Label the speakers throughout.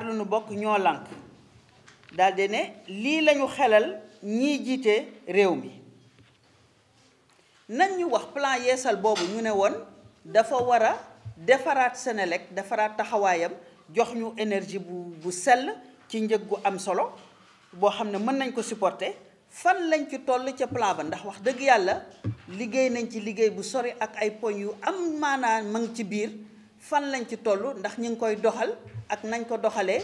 Speaker 1: ñaar nu bokk ñoo lànk daldi ne lii lañu xelal ñiy jiite réew mi nañ ñu wax plan yeesal boobu ñu ne woon dafa war a defaraat Senelec defaraat taxawaayam jox ñu énergie bu bu sell ci njëg gu am solo boo xam ne mën nañ ko supporter fan lañ ci toll ca plan ba ndax wax dëgg yàlla liggéey nañ ci liggéey bu sori ak ay poñ yu am maanaam ma ci biir fan lañ ci toll ndax ñu ngi koy doxal ak nañ ko doxale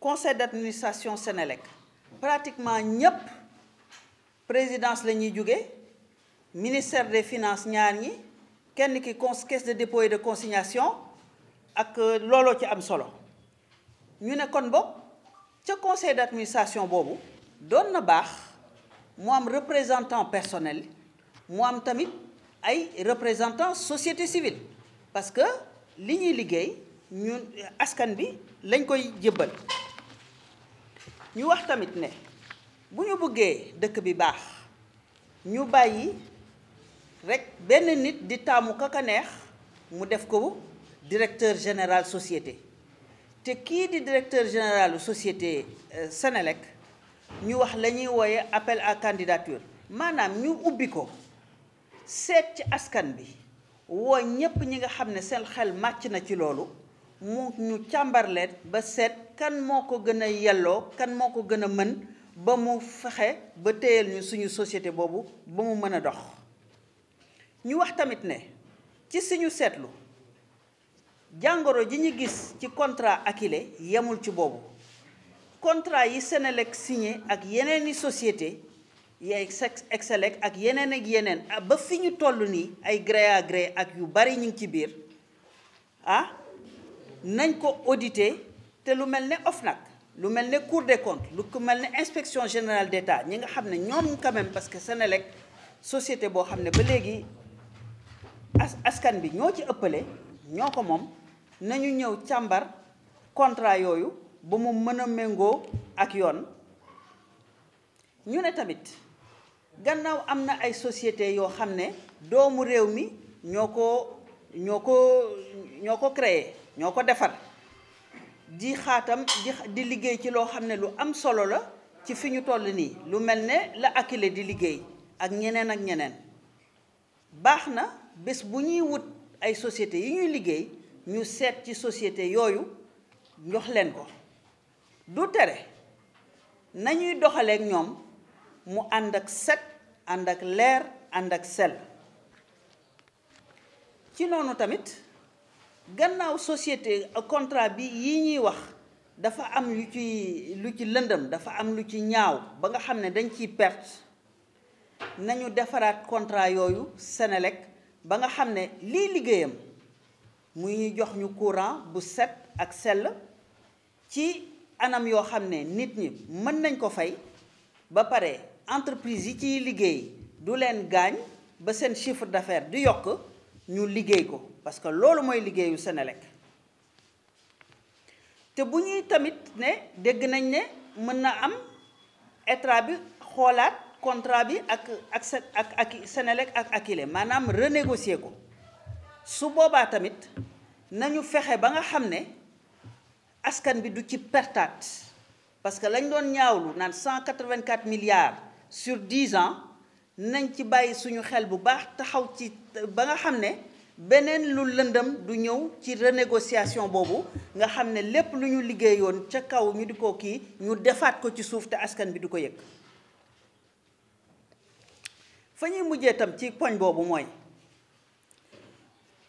Speaker 1: conseil d'administration Sénélec pratiquement présidence la ministère des finances ñaar caisse de dépôt et de consignation ak euh, looloo ci am solo ñu ne kon conseil d'administration boobu na représentant personnel mu am tamit ay représentants société civile parce que li ñuy liggéey ñun askan bi lañ koy jébbal ñu wax tamit ne bu ñu bëggee dëkk bi baax ñu bàyyi rek benn nit di taamu kaka neex mu def ko directeur général société te kii di directeur général société euh, sénélec. ñu wax la ñuy appel à candidature maanaam ñu ubbi ko seet ci askan bi woo ñépp ñi nga xam ne seen xel màcc na ci loolu mu ñu càmbarleet ba seet kan moo ko gën a yelloo kan moo ko gën a mën ba mu fexe ba téyal ñu suñu société boobu ba mu mën a dox ñu wax tamit ne ci suñu seetlu jàngoro ji ñu gis ci contrat Akilee yemul ci boobu contrat yi seen Senelec signé ak yeneeni société yeeg sex excelec ak yeneen ak yeneen ah, ba fi ñu toll nii ay gré à gré ak yu bari ñu ngi ci biir ah nañ ko audité te lu mel ni ne OFNAC lu mel ne cour des comptes lu ko mel ni inspection générale d'État ñi nga xam ne ñoom quand même parce que Senelec société boo xam ne ba léegi as askan bi ñoo ci ëppale ñoo ko moom nañu ñëw càmbar contrat yooyu bu mu mën a méngoo ak yoon ñu ne tamit gannaaw am na ay société yoo xam ne doomu réew mi ñoo ko ñoo ko ñoo ko créer ñoo ko defar di xaatam di di liggéey ci loo xam ne lu am solo la ci fi ñu toll nii lu mel ne la Akilee di liggéey ak ñeneen ak ñeneen baax na bés bu ñuy wut ay société yi ñuy liggéey ñu seet ci société yooyu jox leen ko du tere nañuy doxaleek ñoom mu ànd ak set ànd ak leer ànd ak sel ci noonu tamit gannaaw société contrat bi yi ñuy wax dafa am lu ci lu ci lëndëm dafa am lu ci ñaaw ba nga xam ne dañ ciy perte nañu defaraat contrat yooyu Senelec ba nga xam ne lii liggéeyam muy ñu jox ñu courant bu set ak sel ci anam yoo xam ne nit ñi mën nañ ko fay ba pare entreprise yi ciy liggéey du leen gaañ ba seen chiffre d'affaires di yokk ñu liggéey ko parce que loolu mooy liggéeyu Senelec te bu ñuy tamit ne dégg nañ ne mën na am état bi xoolaat contrat bi ak ak ak ak Senelec ak Akilee maanaam renégocier ko su boobaa tamit nañu fexe ba nga xam ne askan bi du ci pertaat parce que lañ doon ñaawlu naan 184 milliards sur dix ans nañ ci bàyyi suñu xel bu baax taxaw ci ba nga xam ne beneen lu lëndëm du ñëw ci renégociation boobu nga xam ne lépp lu ñu yoon ca kaw ñu di ko kii ñu defaat ko ci suuf te askan bi du ko yëg fa ñuy mujjee tam ci poñ boobu mooy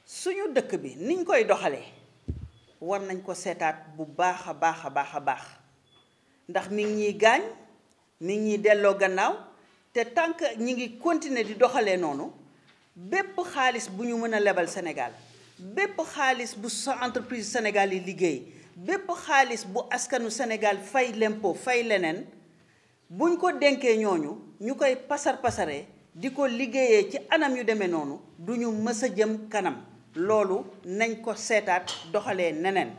Speaker 1: suñu dëkk bi niñ koy doxalee war nañ ko seetaat bu baax a baax a baax a baax ndax mi ñuy gaañ nit ñi delloo gannaaw te tant ñi ngi continuer di doxalee noonu bépp xaalis bu ñu mën lebal senegaal bépp xaalis bu sa entreprise Sénégal liggéey bépp xaalis bu askanu senegaal fay lempo fay leneen buñ ko denkee ñooñu ñu koy pasar pasaree di ko liggéeyee ci anam yu demee noonu duñu ñu mës a jëm kanam loolu nañ ko seetaat doxalee neneen